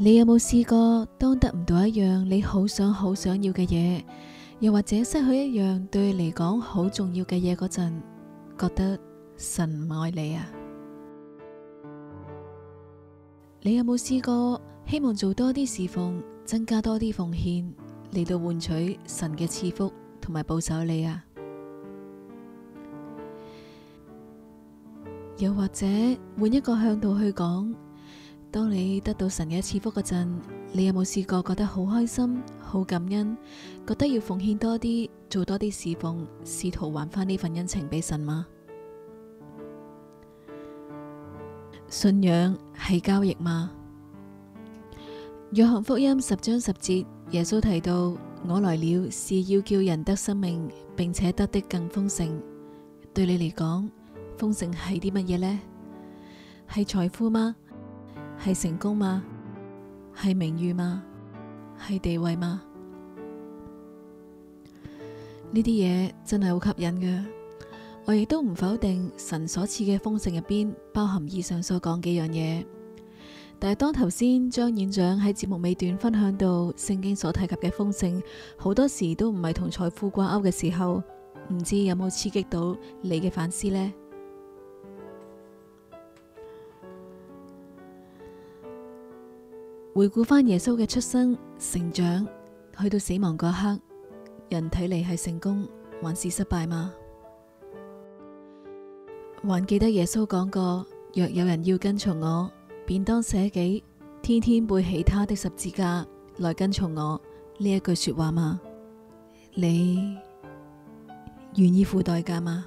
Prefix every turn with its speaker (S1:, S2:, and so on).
S1: 你有冇試過當得唔到一樣你好想好想要嘅嘢，又或者失去一樣對你嚟講好重要嘅嘢嗰陣，覺得神唔愛你啊？你有冇試過希望做多啲侍奉，增加多啲奉獻，嚟到換取神嘅賜福同埋保守你啊？又或者換一個向度去講？當你得到神嘅賜福嗰陣，你有冇試過覺得好開心、好感恩，覺得要奉獻多啲，做多啲侍奉，試圖還返呢份恩情俾神嗎？信仰係交易嗎？約翰福音十章十節，耶穌提到：我來了是要叫人得生命，並且得的更豐盛。對你嚟講，豐盛係啲乜嘢呢？係財富嗎？係成功嗎？係名譽嗎？係地位嗎？呢啲嘢真係好吸引噶。我亦都唔否定神所賜嘅豐盛入邊包含以上所講幾樣嘢。但係當頭先張院長喺節目尾段分享到聖經所提及嘅豐盛，好多時都唔係同財富掛鈎嘅時候，唔知有冇刺激到你嘅反思呢？回顧返，耶穌嘅出生、成長，去到死亡嗰刻，人睇嚟，係成功還是失敗嗎？還記得耶穌講過，若有人要跟從我，便當捨己，天天背起他的十字架來跟從我呢一句說話嗎？你願意付代價嗎？